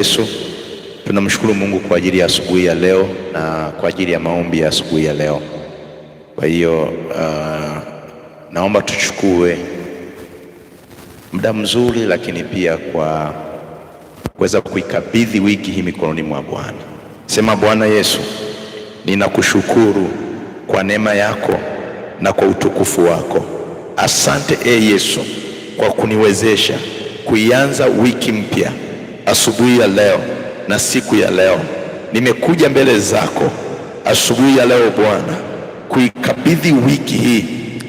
Yesu, tunamshukuru Mungu kwa ajili ya asubuhi ya leo na kwa ajili ya maombi ya asubuhi ya leo. Kwa hiyo uh, naomba tuchukue muda mzuri, lakini pia kwa kuweza kuikabidhi wiki hii mikononi mwa Bwana. Sema, Bwana Yesu, ninakushukuru kwa neema yako na kwa utukufu wako. Asante e Yesu kwa kuniwezesha kuianza wiki mpya asubuhi ya leo na siku ya leo, nimekuja mbele zako asubuhi ya leo Bwana, kuikabidhi wiki hii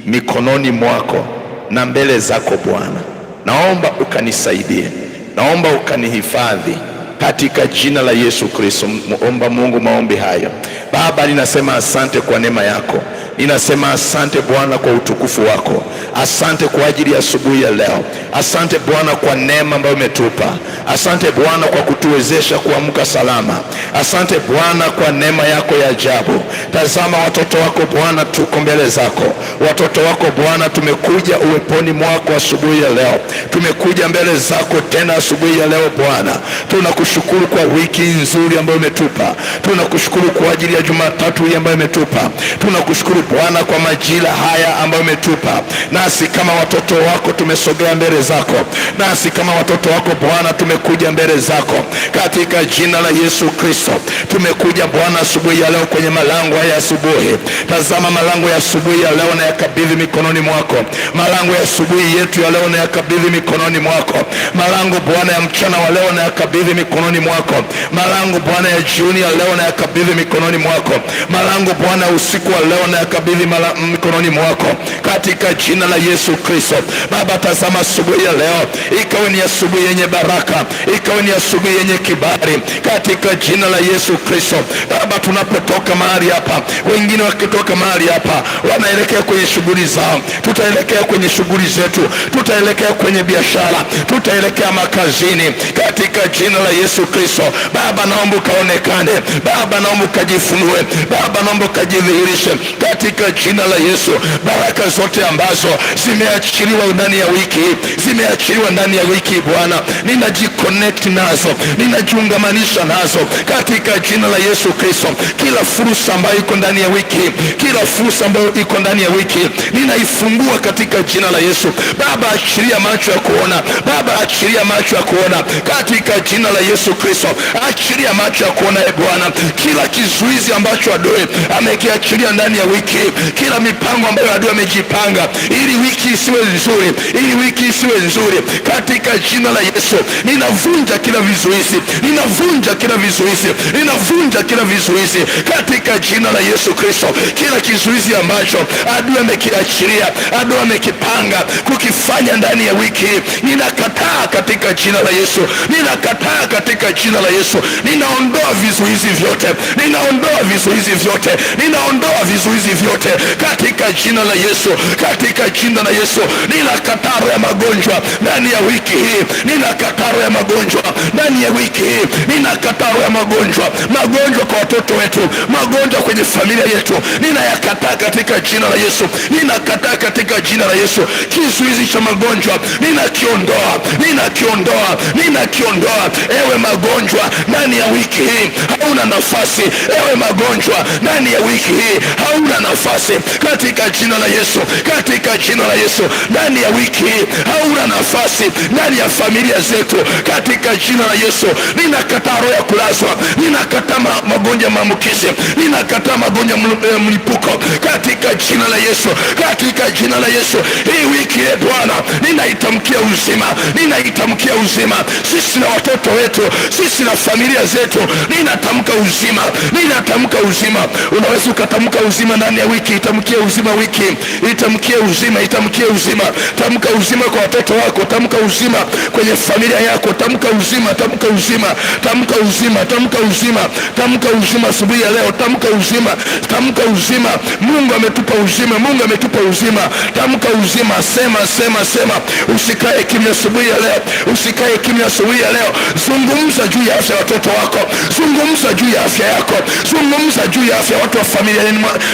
mikononi mwako na mbele zako Bwana. Naomba ukanisaidie, naomba ukanihifadhi katika jina la Yesu Kristo. Muomba Mungu maombi hayo Baba, ninasema asante kwa neema yako, ninasema asante Bwana kwa utukufu wako, asante kwa ajili ya asubuhi ya leo, asante Bwana kwa neema ambayo umetupa, asante Bwana kwa kutuwezesha kuamka salama, asante Bwana kwa neema yako ya ajabu. Tazama watoto wako Bwana, tuko mbele zako, watoto wako Bwana, tumekuja uweponi mwako asubuhi ya leo, tumekuja mbele zako tena asubuhi ya leo Bwana, tunakushukuru kwa wiki nzuri ambayo umetupa, tunakushukuru kwa ajili ya ya Jumatatu hii ambayo umetupa. Tunakushukuru Bwana kwa majira haya ambayo umetupa, nasi kama watoto wako tumesogea mbele zako, nasi kama watoto wako Bwana tumekuja mbele zako katika jina la Yesu Kristo. Tumekuja Bwana asubuhi ya leo kwenye malango haya asubuhi. Tazama malango ya asubuhi ya leo na yakabidhi mikononi mwako, malango ya asubuhi yetu ya leo na yakabidhi mikononi mwako, malango Bwana ya mchana wa leo na yakabidhi mikononi mwako, malango Bwana ya jioni ya leo na yakabidhi mikononi mwako mwako. Malango Bwana, usiku wa leo na yakabidhi mikononi mwako katika jina la Yesu Kristo. Baba, tazama asubuhi ya leo, ikawe ni asubuhi yenye baraka, ikawe ni asubuhi yenye kibali katika jina la Yesu Kristo. Baba, tunapotoka mahali hapa, wengine wakitoka mahali hapa wanaelekea kwenye shughuli zao, tutaelekea kwenye shughuli zetu, tutaelekea kwenye biashara, tutaelekea makazini katika jina la Yesu Kristo. Baba, naomba ukaonekane, Baba naomba ukajifunue uwe. Baba, naomba ukajidhihirishe katika jina la Yesu. Baraka zote ambazo zimeachiliwa ndani ya wiki hii, zimeachiliwa ndani ya wiki hii, Bwana, ninajiconnect nazo, ninajiungamanisha nazo katika jina la Yesu Kristo. Kila fursa ambayo iko ndani ya wiki hii, kila fursa ambayo iko ndani ya wiki hii ninaifungua katika jina la Yesu. Baba, achilia macho ya kuona, Baba, achilia macho ya kuona katika jina la Yesu Kristo. Achilia macho ya kuona, e Bwana, kila kizuizi kiasi ambacho adui amekiachilia ndani ya wiki, kila mipango ambayo adui amejipanga ili wiki isiwe nzuri, ili wiki isiwe nzuri, katika jina la Yesu ninavunja kila vizuizi, ninavunja kila vizuizi, ninavunja kila vizuizi katika jina la Yesu Kristo. Kila kizuizi ambacho adui amekiachilia, adui amekipanga kukifanya ndani ya wiki ninakataa katika jina la Yesu, ninakataa katika jina la Yesu, ninaondoa vizuizi vyote, ninaondoa ninaondoa vizuizi vyote, ninaondoa vizuizi vyote katika jina la Yesu, katika jina la Yesu. Nina kataro ya magonjwa ndani ya wiki hii, nina kataro ya magonjwa ndani ya wiki hii, nina kataro ya magonjwa, magonjwa kwa watoto wetu, magonjwa kwenye familia yetu, ninayakataa katika jina la Yesu, ninakataa katika jina la Yesu. Kizuizi cha magonjwa ninakiondoa, ninakiondoa, ninakiondoa. Ewe magonjwa ndani ya wiki hii, hauna nafasi ewe magonjwa ndani ya wiki hii, hauna nafasi katika jina la Yesu, katika jina la Yesu. Ndani ya wiki hii hauna nafasi ndani ya familia zetu, katika jina la Yesu. Ninakataa roho ya kulazwa, ninakataa magonjwa maambukizi, ninakataa magonjwa mlipuko, katika jina la Yesu, katika jina la Yesu. Hii wiki ye Bwana, ninaitamkia uzima, ninaitamkia uzima, sisi na watoto wetu, sisi na familia zetu, ninatamka uzima, ninatamka unatamka uzima, unaweza ukatamka uzima ndani ya wiki. Itamkie uzima wiki, itamkie uzima, itamkie uzima. Tamka uzima kwa watoto wako, tamka uzima kwenye familia yako, tamka uzima, tamka uzima, tamka uzima, tamka uzima, tamka uzima asubuhi ya leo, tamka uzima, tamka uzima. Mungu ametupa uzima, Mungu ametupa uzima. Tamka uzima, sema, sema, sema. Usikae kimya asubuhi ya leo, usikae kimya asubuhi ya leo. Zungumza juu ya afya ya watoto wako, zungumza juu ya afya yako kuzungumza juu ya afya watu wa familia,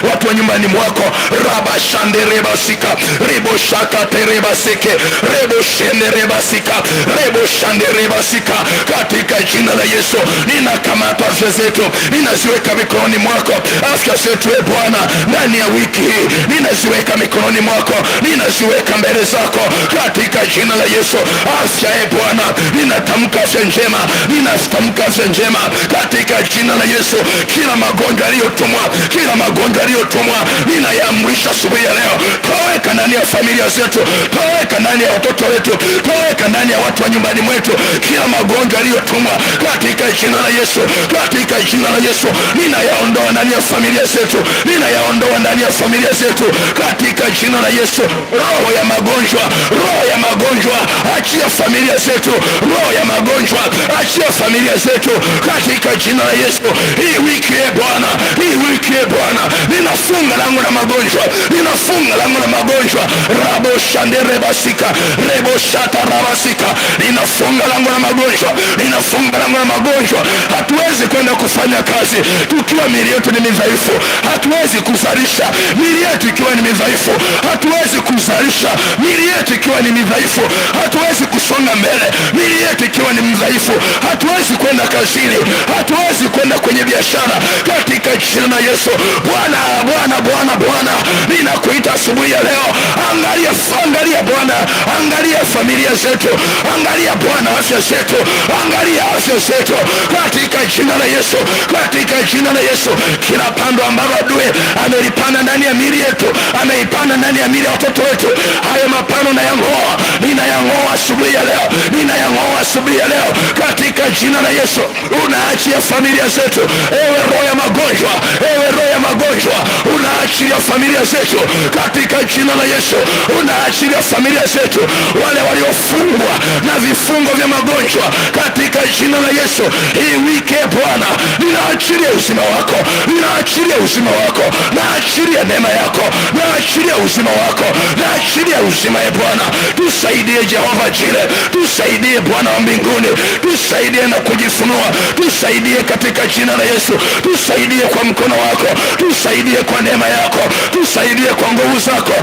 watu wa nyumbani mwako rabashanderebasika reboshakaterebasike reboshenderebasika reboshanderebasika katika jina la Yesu ninakamata afya zetu, ninaziweka mikononi mwako. Afya zetu e Bwana, ndani ya wiki hii ninaziweka mikononi mwako, ninaziweka mbele zako katika jina la Yesu. Afya e Bwana, ninatamka afya njema, ninatamka afya njema katika jina la Yesu. Kila magonjwa yaliyotumwa, kila magonjwa yaliyotumwa ninayamrisha subuhi ya leo, toweka ndani ya familia zetu, toweka ndani ya watoto wetu, toweka ndani ya watu wa nyumbani mwetu, kila magonjwa yaliyotumwa katika jina la Yesu, katika jina la Yesu ninayaondoa ndani ya familia zetu, ninayaondoa ndani ya familia zetu katika jina la Yesu. Roho ya magonjwa, roho ya magonjwa, achia familia zetu, roho ya magonjwa, achia familia zetu katika jina la Yesu hii wiki ee Bwana, hii wiki e Bwana, ninafunga langu na magonjwa, ninafunga langu na magonjwa raboshanderebasika reboshatarabasika, ninafunga langu na magonjwa, ninafunga langu na magonjwa. Hatuwezi kwenda kufanya kazi tukiwa mili yetu ni midhaifu, hatuwezi kuzalisha mili yetu ikiwa ni midhaifu, hatuwezi kuzalisha mili yetu ikiwa ni midhaifu, hatuwezi kusonga mbele mili yetu ikiwa ni mdhaifu hatuwezi kwenda kazini, hatuwezi kwenda kwenye biashara katika jina la Yesu. Bwana, Bwana, Bwana, Bwana, ninakuita asubuhi ya leo. Angalia, angalia Bwana, angalia familia zetu, angalia Bwana afya zetu, angalia afya zetu katika jina la Yesu, katika jina la Yesu. Kila pando ambalo adue amelipanda ndani ya mili yetu, ameipanda ndani ya mili ya watoto wetu, hayo mapano na nayang'oa, ninayang'oa asubuhi ya leo, ninayang'oa asubuhi ya leo katika jina la Yesu. Unaachia familia zetu, ewe Roho ya magonjwa, ewe roho ya magonjwa, unaachilia familia zetu katika jina la Yesu, unaachilia familia zetu, wale waliofungwa na vifungo vya magonjwa katika jina la Yesu. Hii wiki ee Bwana, ninaachilia uzima wako, ninaachilia uzima wako, naachilia neema yako, naachilia uzima wako, naachilia uzima ya ee Bwana. Tusaidie Jehova jile tusaidie Bwana wa mbinguni, tusaidie na kujifunua, tusaidie katika jina la Yesu tusaidie kwa mkono wako, tusaidie kwa neema yako, tusaidie kwa nguvu zako.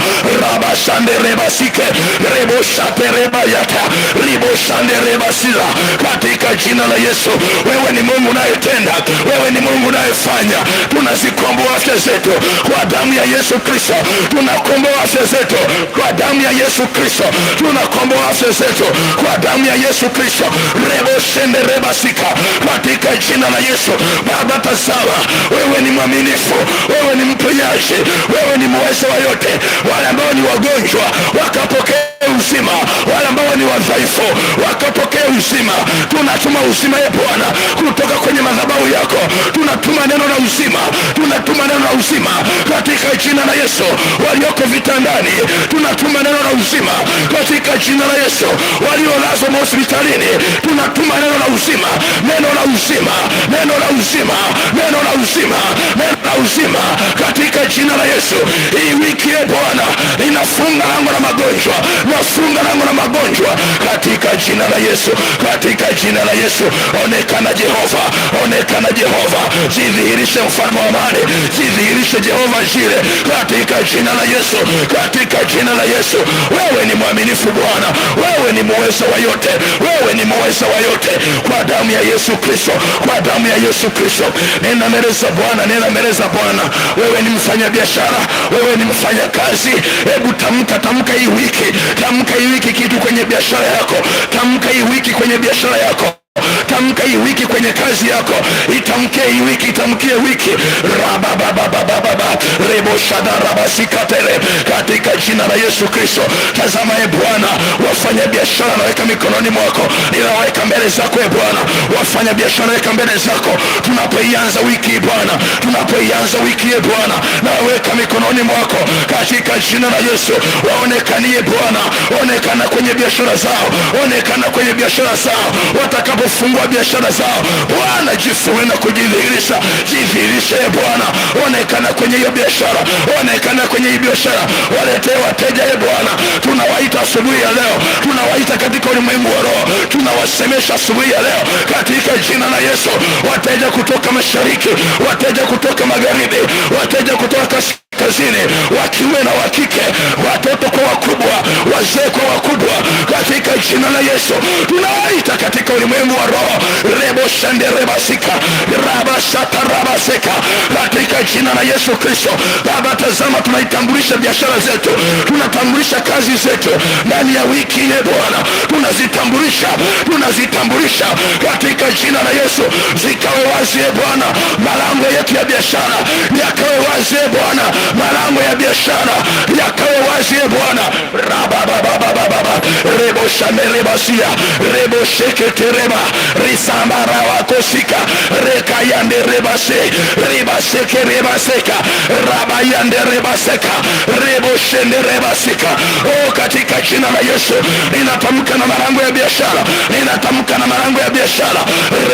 rabashanderebasike reboshaterebayata riboshanderebasila katika jina la Yesu. Wewe ni Mungu unayetenda, wewe ni Mungu unayefanya. Tunazikomboa afya zetu kwa damu ya Yesu Kristo, tunakomboa afya zetu kwa damu ya Yesu Kristo, tunakomboa afya zetu kwa damu ya Yesu Kristo. reboshenderebasika katika jina la Yesu Baba tasa sawa. Wewe ni mwaminifu, wewe ni mponyaji, wewe ni muweza wa yote. Wale ambao ni wagonjwa wakapokea uzima, wale ambao ni wadhaifu wakapokee uzima. Tunatuma uzima ya ee Bwana kutoka kwenye madhabahu yako, tunatuma neno la uzima, tunatuma neno la uzima katika jina la Yesu. Walioko vitandani, tunatuma neno la uzima katika jina la Yesu. Waliolazwa mahospitalini, tunatuma neno la uzima, neno la uzima, neno la uzima, neno la uzima, neno la uzima katika jina la Yesu. Hii wiki ya ee Bwana inafunga lango la magonjwa kuwafunga lango la magonjwa katika jina la Yesu, katika jina la Yesu. Onekana Jehova, onekana Jehova, jidhihirishe mfalme wa amani, jidhihirishe Jehova Jire, katika jina la Yesu, katika jina la Yesu. Wewe ni mwaminifu Bwana, wewe ni muweza wa yote, wewe ni muweza wa yote, kwa damu ya Yesu Kristo, kwa damu ya Yesu Kristo. Nena mereza Bwana, nena mereza Bwana. Wewe ni mfanya biashara, wewe ni mfanya kazi, hebu tamka, tamka hii wiki Tamka hii wiki kitu kwenye biashara yako, tamka hii wiki kwenye biashara yako Tamka hii wiki kwenye kazi yako, itamke hii wiki, itamkie wiki rababababababa reboshadarabasikatere katika jina la Yesu Kristo. Tazama e Bwana, wafanya biashara naweka mikononi mwako, ninaweka mbele zako e Bwana, wafanya biashara naweka mbele zako. Tunapoianza wiki e Bwana, tunapoianza wiki e Bwana, naweka mikononi mwako katika jina la Yesu. Waonekanie Bwana, onekana kwenye biashara zao, onekana kwenye biashara zao watakapofungua kwa biashara zao. Bwana, jinsi uenda kujidhihirisha, jidhihirishe e Bwana, onekana kwenye hiyo biashara, onekana kwenye hii biashara, waletee wateja e Bwana. Tunawaita asubuhi ya leo, tunawaita katika ulimwengu wa roho, tunawasemesha asubuhi ya leo katika jina la Yesu, wateja kutoka mashariki, wateja kutoka magharibi, wateja kutoka kasi kazini, wakiwe na wakike, watoto kwa wakubwa, wazee kwa wakubwa, katika jina la Yesu tunawaita katika ulimwengu wa roho reboshanderebasika rabashatarabaseka katika jina la Yesu Kristo. Baba, tazama, tunaitambulisha biashara zetu, tunatambulisha kazi zetu ndani ya wiki ile Bwana, tunazitambulisha tunazitambulisha katika jina la Yesu, zikawe wazi Bwana, malango yetu ya biashara yakawe wazi Bwana malango ya biashara yakawe wazi, e Bwana rababababababa reboshamerebasia rebosheketereba risambarawakosika rekayanderebase ribasekerebaseka rabayanderebaseka reboshenderebasika. O, oh, katika jina la Yesu ninatamka na malango ya biashara, ninatamka na malango ya biashara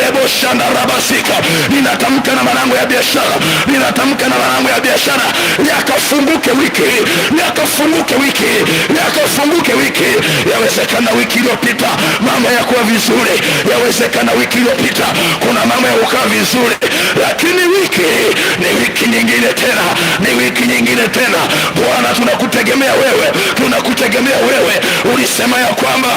reboshandarabasika, ninatamka na malango ya biashara, ninatamka na malango ya biashara yakafunguke wiki hii, yakafunguke wiki hii, yakafunguke wiki Yawezekana wiki iliyopita mama yakuwa vizuri, yawezekana wiki iliyopita kuna mama yakukaa vizuri, lakini wiki ni wiki nyingine tena, ni wiki nyingine tena. Bwana, tunakutegemea wewe, tunakutegemea wewe. Ulisema ya kwamba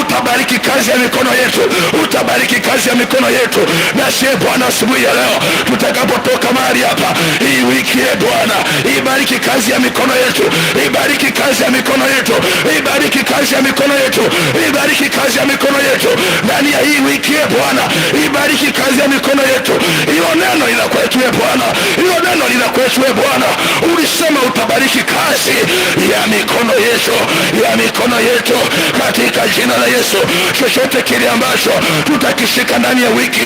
utabariki kazi ya mikono yetu, utabariki kazi ya mikono yetu. Na sie Bwana, asubuhi ya leo tutakapotoka mahali hapa, hii wiki ye Bwana ibariki kazi ya mikono yetu, ibariki kazi ya mikono yetu, ibariki kazi ya mikono yetu, ibariki kazi ya mikono yetu ndani ya hii wiki ya ee Bwana, ibariki kazi ya mikono yetu. Hiyo neno ni kwetu ya ee Bwana, hiyo neno ni kwetu ya ee Bwana. Ulisema utabariki kazi ya mikono yetu, ya mikono yetu, katika jina la Yesu. Chochote kile ambacho tutakishika ndani ya wiki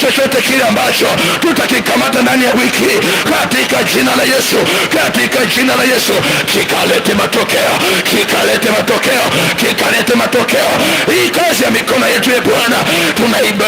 chochote kile ambacho tutakikamata ndani ya wiki, katika jina la Yesu katika jina la Yesu, kikalete matokeo, kikalete matokeo, kikalete matokeo. Hii kazi ya mikono yetu ya ee Bwana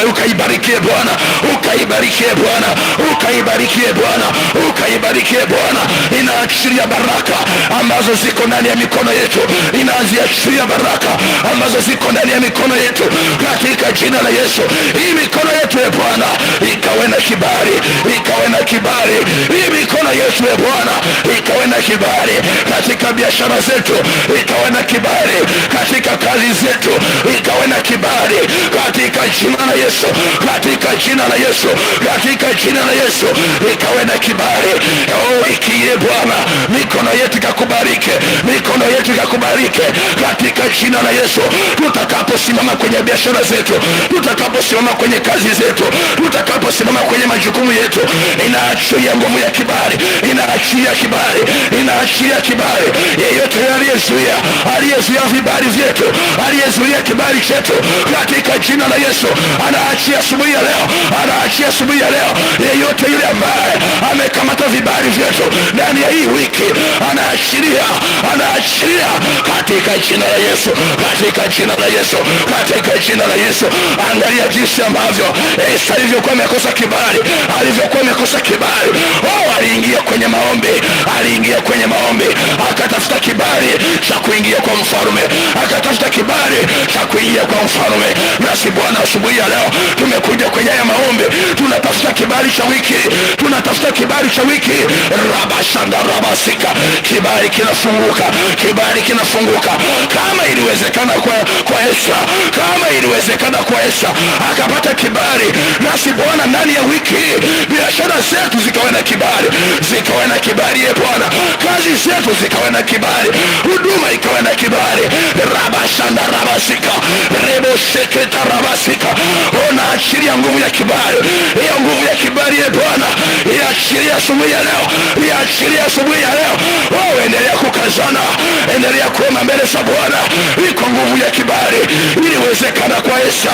ukaibarikie Bwana, ukaibarikie Bwana, ukaibarikie Bwana, ukaibarikie Bwana. inaashiria baraka ambazo ziko ndani ya mikono yetu, inaziachilia baraka ambazo ziko ndani ya mikono yetu katika jina la Yesu. Hii mikono yetu ya ee Bwana ikawe na kibari ikawe na kibari hii mikono yetu ya ee Bwana ikawe na kibali katika biashara zetu, ikawe na kibali katika kazi zetu, ikawe na kibali katika jina la Yesu, katika jina la Yesu, katika jina la Yesu, ikawe na kibali. Oh, ikiye Bwana, mikono yetu ikakubarike, mikono yetu ikakubarike katika jina la Yesu. Tutakaposimama kwenye biashara zetu, tutakaposimama kwenye kazi zetu, tutakaposimama kwenye majukumu yetu, inaachia nguvu ya kibali, inaachia kibali, inaashiria kibali. Yeyote aliyezuia aliyezuia vibali vyetu, aliyezuia kibali chetu, katika jina la Yesu anaachia asubuhi ya leo, anaachia asubuhi ya leo yeyote yule ambaye amekamata vibali vyetu ndani ya hii wiki anaashiria, anaashiria katika jina la Yesu, katika jina la Yesu, katika jina la Yesu. Angalia jinsi ambavyo Yesu alivyokuwa amekosa kibali, alivyokuwa amekosa kibali. Oh, aliingia kwenye maombi, aliingia kwenye maombi, akatafuta kibali cha kuingia kwa mfalume akatafuta kibali cha kuingia kwa mfalume Nasi Bwana, asubuhi ya leo tumekuja kwenye haya maombi, tunatafuta kibali cha wiki wiki, tunatafuta kibali cha wiki. rabashanda rabasika, kibali kinafunguka, kibali kinafunguka. Kama iliwezekana kwa, kwa Esra, kama iliwezekana kwa Esra akapata kibali, nasi Bwana ndani ya wiki biashara zetu zikawe na kibali, zikawe na kibali ye ee Bwana, kazi zetu zikawe na kibali, huduma ikawe na kibali. rabashanda rabasika rebo seketa rabasika, ona achilia nguvu ya kibali, hiyo nguvu ya kibali ye ee Bwana iachilia asubuhi ya leo, iachilia asubuhi ya leo. Wewe endelea kukazana, endelea kuona mbele za Bwana. Iko nguvu ya kibali. Iliwezekana kwa Esa,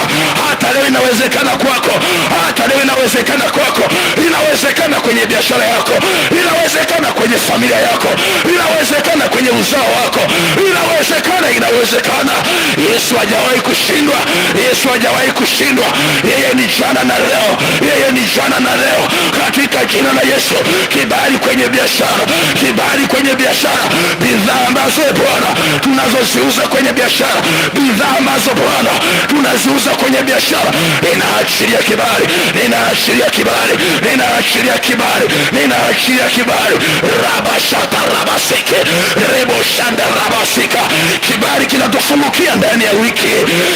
hata leo inawezekana kwako, hata leo inawezekana kwako, inawezekana kwenye biashara yako, inawezekana kwenye familia yako, inawezekana kwenye uzao wako, inawezekana, inawezekana. Yesu hajawahi kushindwa, Yesu hajawahi kushindwa. Yeye ni jana na leo, yeye ni jana na leo katika jina la Yesu. Kibali kwenye biashara, kibali kwenye biashara, bidhaa ambazo ee Bwana tunazoziuza kwenye biashara, bidhaa ambazo Bwana tunaziuza kwenye biashara, ninaachilia kibali, ninaachilia kibali, ninaachilia kibali, ninaachilia kibali, rabashata rabaseke reboshanda rabasika. Kibali kinatofunukia ndani ya wiki,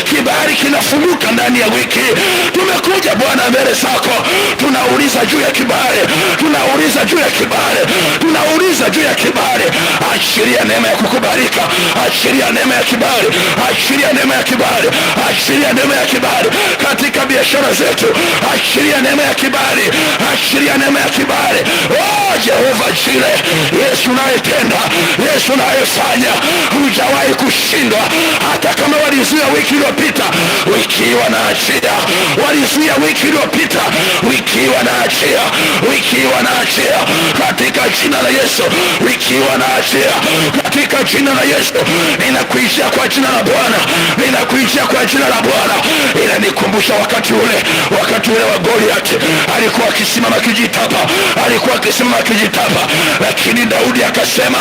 kibali kinafunuka ndani ya wiki. Tumekuja Bwana mbele zako, tunauliza tunauliza juu ya kibali, tunauliza juu ya kibali, tunauliza juu ya kibali. ashiria neema ya kukubalika, ashiria neema ya kibali, ashiria neema ya kibali, ashiria neema ya kibali katika biashara zetu, ashiria neema ya kibali, ashiria neema ya kibali. Oh, Jehova Jire, Yesu unayetenda, Yesu unayefanya, hujawahi kushindwa. Hata kama walizuia wiki iliyopita, wikiwa na achia, walizuia wiki iliyopita, wikiwa na naachia, likiwa naachia katika jina la Yesu, likiwa naachia katika jina la Yesu. Ninakuishia kwa jina la Bwana, ninakuishia kwa jina la Bwana. Inanikumbusha wakati ule, wakati ule wa Goliati alikuwa akisimama kijitapa, alikuwa akisimama kijitapa, lakini Daudi akasema,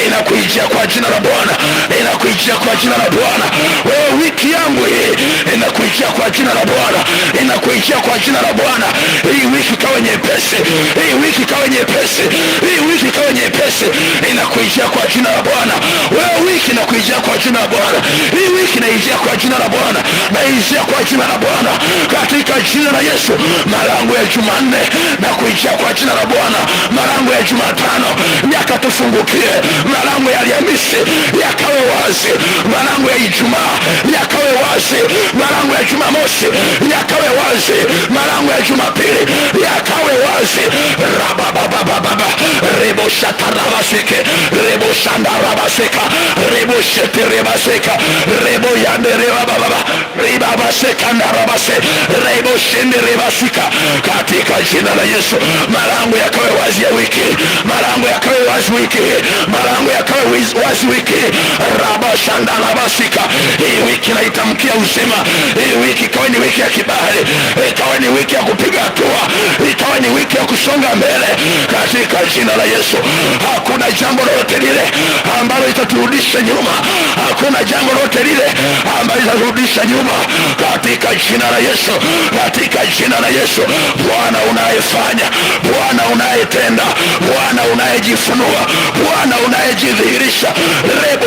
ninakuijia kwa jina la Bwana, ninakuijia kwa jina la Bwana. Wewe wiki yangu hii, ninakuijia kwa jina la Bwana, ninakuijia kwa jina la Bwana hii wiki ikawe nyepesi, hii wiki ikawe nyepesi, hii wiki ikawe nyepesi. Inakuijia kwa jina la Bwana. Wewe wiki inakuijia kwa jina la Bwana, hii wiki inaijia kwa jina la Bwana, naijia kwa jina la Bwana, katika jina la Yesu. Malango ya Jumanne na kuijia kwa jina la Bwana, malango ya Jumatano yakatufungukie, malango ya Alhamisi yakawe wazi, malango ya Ijumaa yakawe wazi, malango ya Jumamosi yakawe wazi, malango ya Jumapili ya akawe wazi rabababababa reboshatarabaseke reboshandarabaseka rebosheterebaseka reboyanderebababa ribabasekandarabase reboshenderebasika katika jina la Yesu malango yakawe wazi ya wiki malango yakawe wazi wiki malango yakawe wazi wiki rabashandarabasika hii wiki naitamkia uzima hii wiki ikawe ni wiki ya kibali ikawe ni wiki ya kupiga hatua ikawa ni wiki ya kusonga mbele katika jina la Yesu. Hakuna jambo lolote lile ambalo itaturudisha nyuma, hakuna jambo lolote lile ambalo itaturudisha nyuma katika jina la Yesu, katika jina la Yesu. Bwana unayefanya, Bwana unayetenda, Bwana unayejifunua, Bwana unayejidhihirisha, rebo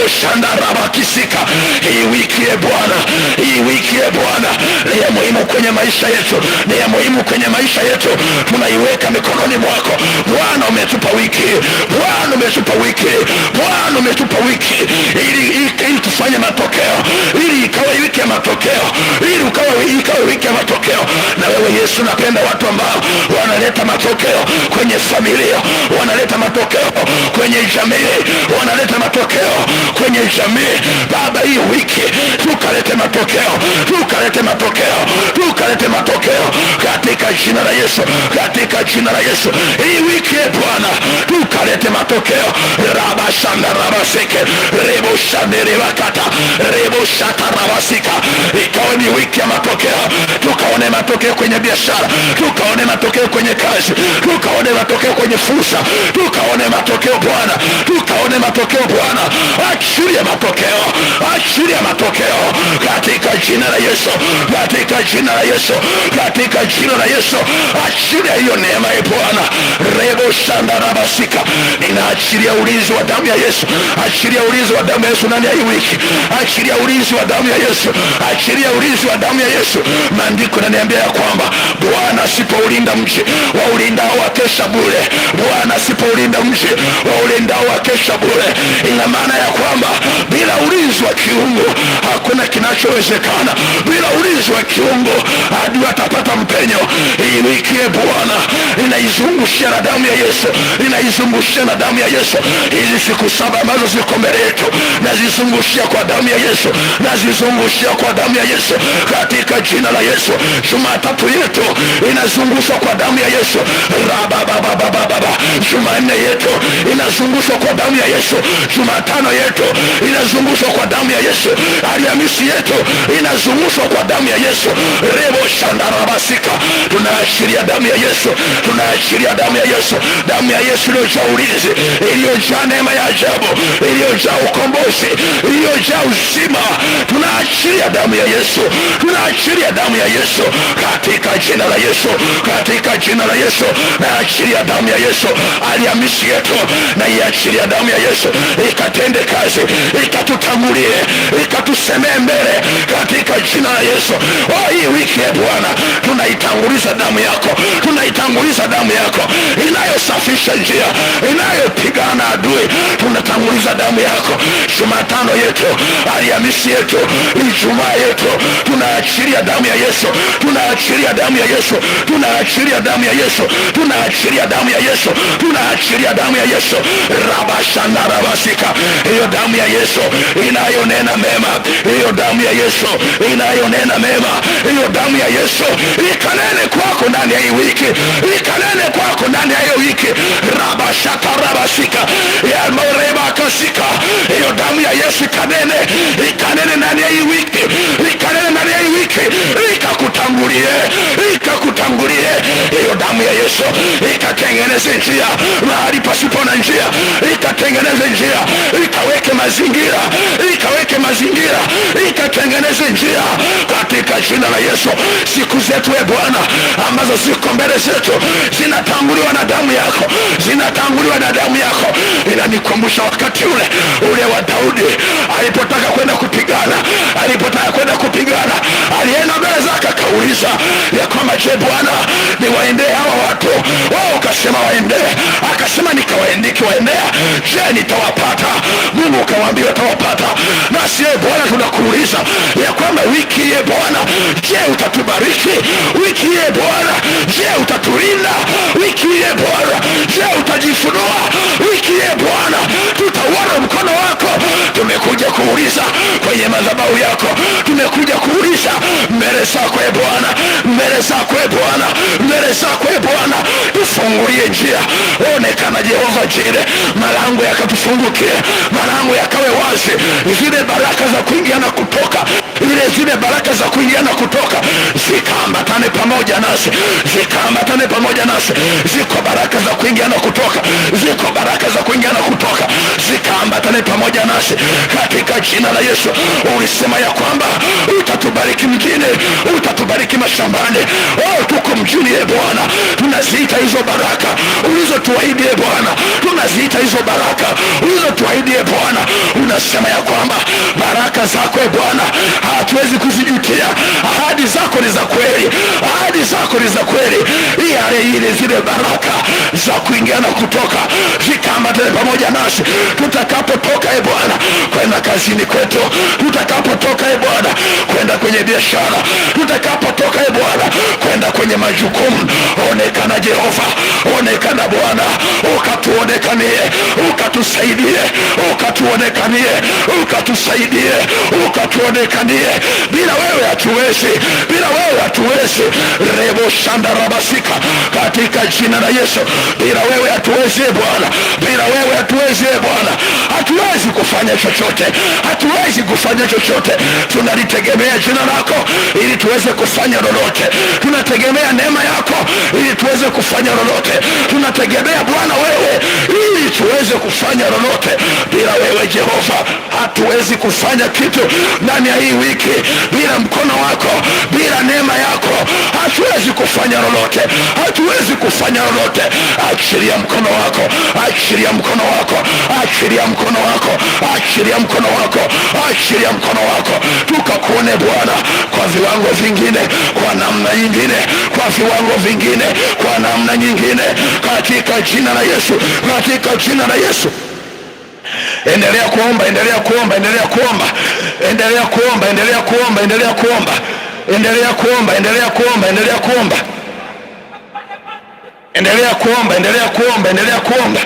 kisika Hii wiki ye Bwana, hii wiki ye Bwana ni ya muhimu kwenye maisha yetu, ni ya muhimu kwenye maisha yetu tunaiweka mikononi mwako Bwana. Umetupa wiki Bwana, umetupa wiki Bwana, umetupa wiki ili tufanye matokeo, ili ikawa wiki ya matokeo hii wiki ya matokeo. Na wewe Yesu, napenda watu ambao wanaleta matokeo kwenye familia, wanaleta matokeo kwenye jamii, wanaleta matokeo kwenye jamii. Baba, hii wiki tukalete matokeo, tukalete matokeo, tukalete matokeo katika jina la Yesu, katika jina la Yesu. Hii wiki Bwana, tukalete matokeo rabashandarabaseke reboshanderevakata reboshatarabasika ikawe ni wiki ya matokeo matokeo, tukaone matokeo kwenye biashara, tukaone matokeo kwenye kazi, tukaone matokeo kwenye fursa, tukaone matokeo Bwana, tukaone matokeo Bwana, achilia matokeo, achilia matokeo katika jina la Yesu, katika jina la Yesu, katika jina la Yesu, achilia hiyo neema ya e Bwana rebo shanda na basika, ninaachilia ulinzi wa damu ya Yesu, achilia ulinzi wa damu ya Yesu ndani ya hii wiki, achilia ulinzi wa damu ya Yesu, achilia ulinzi wa damu ya Yesu. Yesu, maandiko yananiambia ya kwamba Bwana asipoulinda mji waulindao wakesha bure. Bwana asipoulinda mji waulindao wakesha bure. Ina maana ya kwamba bila ulinzi wa kiungu hakuna kinachowezekana. Bila ulinzi wa kiungu adui atapata mpenyo. Hii wiki ye Bwana inaizungushia na damu ya Yesu, inaizungushia na damu ya Yesu. Hizi siku saba ambazo ziko mbele yetu nazizungushia kwa damu ya Yesu, nazizungushia kwa damu ya Yesu katika katika jina la Yesu. Jumatatu yetu inazungushwa kwa damu ya Yesu. Rabababababa. Jumanne yetu inazungushwa kwa damu ya Yesu. Jumatano yetu inazungushwa kwa damu ya Yesu. Alhamisi yetu inazungushwa kwa damu ya Yesu. Rebo shandarabasika, tunaashiria damu ya Yesu, tunaashiria damu ya Yesu, damu ya Yesu iliyojaa ulinzi, iliyojaa neema ya ajabu, iliyojaa ukombozi, iliyojaa uzima. Tunaashiria damu ya Yesu, tunaashiria naachilia damu ya Yesu katika jina la Yesu, katika jina la Yesu naachilia damu ya Yesu. aliamishi yetu naiachilia damu ya Yesu ikatende kazi, ikatutangulie, ikatusemee mbele katika jina la Yesu. Oh, hii wiki ya Bwana tunaitanguliza damu yako, tunaitanguliza damu yako inayosafisha njia, inayopigana adui, tunatanguliza damu yako. Jumatano yetu, aliamishi yetu, Ijumaa yetu tunaachilia tunaachiria damu ya Yesu, tunaachiria damu ya Yesu, tunaachiria damu ya Yesu, tunaachiria damu ya Yesu, tunaachiria damu ya Yesu. rabashana rabasika, hiyo damu ya Yesu inayonena mema, hiyo damu ya Yesu inayonena mema, hiyo damu ya Yesu ikanene kwako ndani ya hii wiki, ikanene kwako ndani ya hiyo wiki. rabashaka rabasika yamorebakasika, hiyo damu ya Yesu ikanene, ikanene ndani ya hii wiki, ikanene ndani ya hii wiki ikakutangulie, ikakutangulie. Hiyo damu ya Yesu ikatengeneze njia mahali pasipo na njia, ikatengeneze njia, ikaweke mazingira, ikaweke mazingira, ikatengeneze njia katika jina la Yesu. Siku zetu e Bwana ambazo ziko mbele zetu zinatanguliwa na damu yako, zinatanguliwa na damu yako. Inanikumbusha wakati ule ule wa Daudi alipotaka kwenda kupigana, alipotaka kwenda kupigana ali alienda mbele zake akauliza ya kwamba je, Bwana niwaendee hawa watu? Wao ukasema waendee. Akasema nikiwaendea, je nitawapata? Mungu ukawambia utawapata. Nasi ye ee Bwana tunakuuliza ya kwamba wiki ye Bwana, je utatubariki? Wiki ye Bwana, je utatulinda? Wiki ye Bwana, je utajifunua? Wiki ye Bwana, tutauona mkono wako. Tumekuja kuuliza kwenye madhabau yako, tumekuja kuuliza mbele zako e Bwana, mbele zako e Bwana, mbele zako e Bwana, tufungulie njia. Onekana Jehova Jire, malango yakatufungukie, malango yakawe wazi, zile baraka za kuingia na kutoka ile zile baraka za kuingia na kutoka zikaambatane pamoja nasi, zikaambatane pamoja nasi. Ziko baraka za kuingia na kutoka, ziko baraka za kuingia na kutoka, zikaambatane pamoja nasi katika jina la Yesu. Ulisema ya kwamba utatubariki mji mjini, utatubariki mashambani. Oh, tuko mjini e Bwana, tunaziita hizo baraka ulizotuahidi e Bwana, tunaziita hizo baraka ulizotuahidi e Bwana. Unasema ya kwamba baraka baraka zako e Bwana, hatuwezi kuzijutia. Ahadi zako ni za kweli, ahadi zako ni za kweli. Yale ile zile baraka za kuingia na kutoka zikambatane pamoja nasi tutakapotoka e Bwana kwenda kazini kwetu, tutakapotoka e Bwana kwenda kwenye biashara, tutakapotoka e Bwana kwenda kwenye majukumu. Onekana Jehova, onekana Bwana, ukatuonekanie, ukatusaidie, ukatuonekanie, ukatusaidie ukatuonekanie. Bila wewe hatuwezi, bila wewe hatuwezi. rebo shandarabasika katika jina la Yesu. Bila wewe hatuwezi ee Bwana, bila wewe hatuwezi ee Bwana, hatuwezi kufanya chochote, hatuwezi kufanya chochote. Tunalitegemea jina lako ili tuweze kufanya lolote, tunategemea neema yako ili tuweze kufanya lolote, tunategemea Bwana wewe ili tuweze kufanya lolote bila wewe Jehova. Hatuwezi kufanya kitu ndani ya hii wiki bila mkono wako, bila neema yako hatuwezi kufanya lolote, hatuwezi kufanya lolote. Achilia mkono wako, achilia mkono wako, achilia mkono wako, achilia mkono wako, achiria mkono wako, tukakuone Bwana kwa viwango vingine, kwa namna nyingine, kwa viwango vingine, kwa namna nyingine, katika jina la Yesu, katika kwa jina la Yesu. Endelea kuomba, endelea kuomba, endelea kuomba, endelea kuomba, endelea kuomba, endelea kuomba, endelea kuomba, endelea kuomba, endelea kuomba, endelea kuomba, endelea kuomba, endelea kuomba,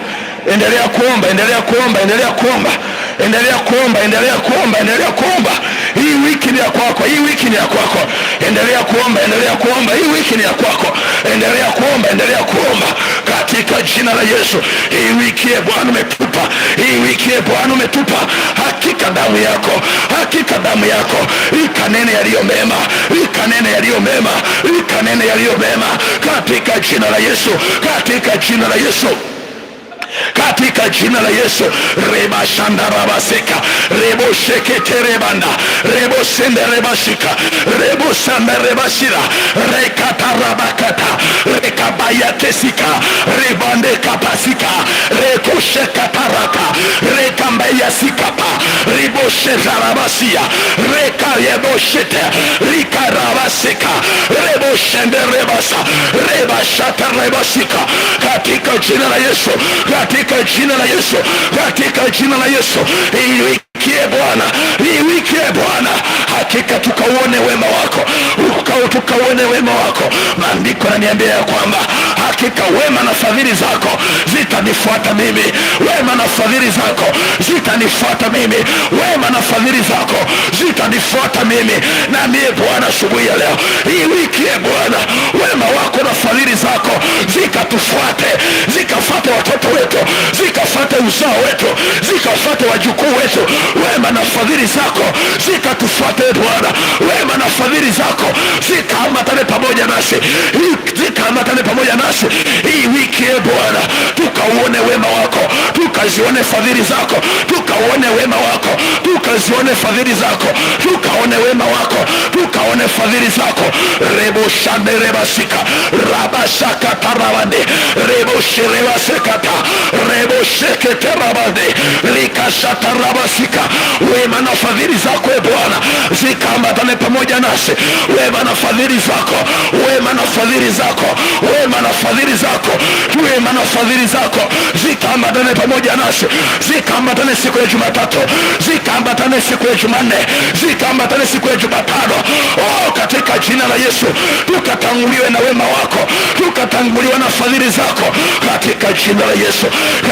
endelea kuomba, endelea kuomba, endelea kuomba. Endelea kuomba, endelea kuomba, endelea kuomba. Hii wiki ni ya kwako, hii wiki ni ya kwako. Endelea kuomba, endelea kuomba, hii wiki ni ya kwako. Endelea kuomba, endelea kuomba katika jina la Yesu. Hii wiki e Bwana umetupa, hii wiki e Bwana umetupa. Hakika damu yako, hakika damu yako ikanene yaliyo mema, ikanene yaliyo mema, ikanene yaliyo mema katika jina la Yesu, katika jina la Yesu katika jina la Yesu rebashandarabaseka rebosheketerebanda rebosenderebashika rebosandarebashira rekatarabakata rekabayatesika rebandekapasika rekoshekataraka rekambayasikapa riboshetarabasia rekayeboshete rikarabaseka reboshenderebasa rebashatarebasika katika jina la Yesu katika jina la Yesu, katika jina la Yesu. iwikie Bwana, iwikie Bwana, hakika tukauone wema wako tukaone tukauone wema wako. Maandiko yananiambia ya kwamba hakika wema na fadhili zako zitanifuata mimi, wema na fadhili zako zitanifuata mimi, wema na fadhili zako zitanifuata mimi. Na mie Bwana, shughuli ya leo hii wiki, e Bwana, wema wako na fadhili zako zikatufuate, zikafuate watoto wetu, zikafuate uzao wetu, zikafuate wajukuu wetu. Wema na fadhili zako zikatufuate Bwana, wema na fadhili zako zika ikaambatane pamoja nasi, ikaambatane pamoja nasi hii wiki. E Bwana, tukauone wema wako, tukazione fadhili zako, tukauone wema wako, tukazione fadhili zako, tukaone wema wako, tukaone fadhili zako reboshanerebasika rabashakatarabande rebosherewasekata rebosheketerabande rikashatarabasika wema na fadhili zako e Bwana zikaambatane pamoja nasi, wema na fadhili zako, wema na fadhili zako, wema na fadhili zako, wema na fadhili zako zikaambatane pamoja nasi, zikaambatane siku ya Jumatatu, zikaambatane siku ya Jumanne, zikaambatane siku ya Jumatano. Oh, katika jina la Yesu tukatanguliwe na wema wako, tukatanguliwe na fadhili zako, katika jina la Yesu,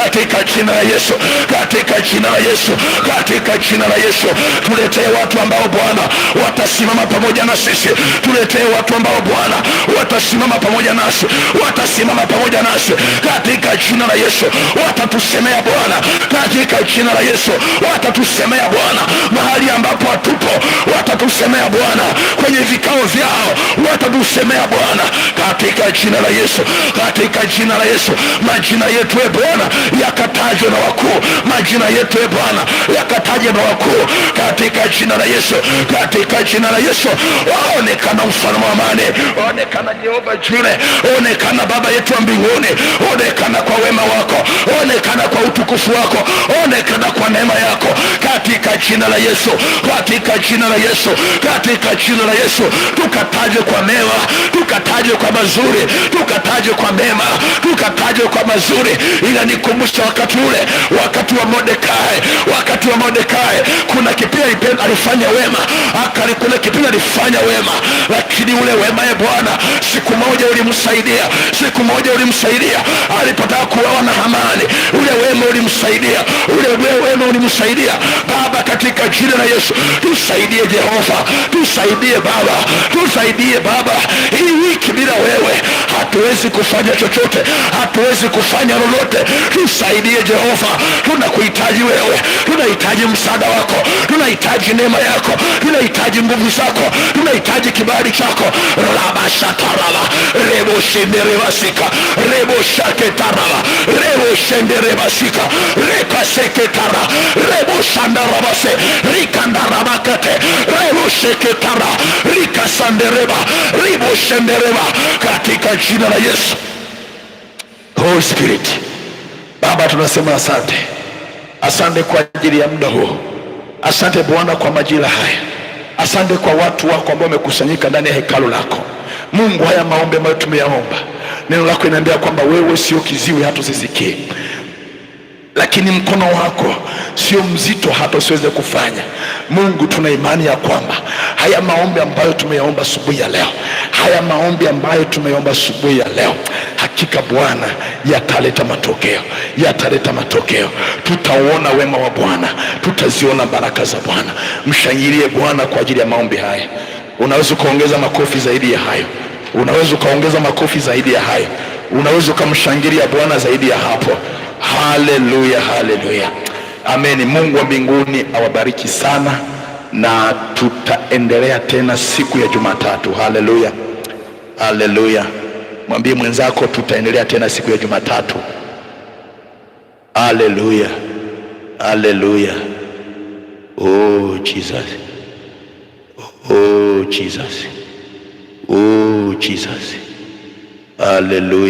katika jina la Yesu, katika jina la Yesu, katika jina la Yesu. Tuletee watu ambao Bwana watasimama pamoja na sisi, tuletee watu ambao Bwana watasimama pamoja nasi, watasimama pamoja nasi katika jina la Yesu. Watatusemea Bwana katika jina la Yesu, watatusemea Bwana mahali ambapo hatupo, watatusemea Bwana kwenye vikao vyao, watatusemea Bwana katika jina la Yesu, katika jina la Yesu. Majina yetu e Bwana yakatajwe na wakuu majina yetu e Bwana, yakataje na wakuu katika jina la Yesu, katika jina la Yesu. waonekana mfalme wa amani, waonekana Jehova jure, onekana Baba yetu wa mbinguni, onekana kwa wema wako, onekana kwa utukufu wako, onekana kwa neema yako katika jina la Yesu, katika jina la Yesu, katika jina la Yesu. tukataje kwa mema, tukataje kwa mazuri, tukataje kwa mema, tukataje kwa mazuri. Ila nikumbusha wakati ule, wakati wa Mordekai Mordekai. Wakati wa Mordekai kuna kipindi alifanya wema, kuna kipindi alifanya wema, lakini ule wema ya e Bwana siku moja ulimsaidia, siku moja ulimsaidia alipotaka kuoa na Hamani. Ule wema ulimsaidia, ule wema ulimsaidia. Baba, katika jina la Yesu tusaidie, Jehova tusaidie Baba, tusaidie Baba. Hii wiki bila wewe hatuwezi kufanya chochote, hatuwezi kufanya lolote. Tusaidie Jehova, tunakuhitaji tunahitaji wewe, tunahitaji msaada wako, tunahitaji neema yako, tunahitaji nguvu zako, tunahitaji kibali chako rabashataraba reboshenderebasika reboshaketaraba reboshenderebasika rekaseketara reboshandarabase rikandarabakate rebosheketara rikasandereba riboshendereba katika jina la Yesu. Holy Spirit, Baba tunasema asante. Asante kwa ajili ya muda huo. Asante Bwana kwa majira haya. Asante kwa watu wako ambao wamekusanyika ndani ya hekalu lako. Mungu, haya maombi ambayo tumeyaomba, neno lako inaambia kwamba wewe sio kiziwi hata lakini mkono wako sio mzito hata usiweze kufanya. Mungu, tuna imani ya kwamba haya maombi ambayo tumeyaomba asubuhi ya leo, haya maombi ambayo tumeyaomba asubuhi ya leo, hakika Bwana yataleta matokeo, yataleta matokeo. Tutauona wema wa Bwana, tutaziona baraka za Bwana. Mshangilie Bwana kwa ajili ya maombi haya. Unaweza ukaongeza makofi zaidi ya hayo, unaweza ukaongeza makofi zaidi ya hayo, unaweza ukamshangilia Bwana zaidi ya hapo. Haleluya, haleluya. Ameni. Mungu wa mbinguni awabariki sana, na tutaendelea tena siku ya Jumatatu. Haleluya, haleluya. Mwambie mwenzako tutaendelea tena siku ya Jumatatu. Haleluya, haleluya. Oh Jesus, oh Jesus, oh Jesus, haleluya.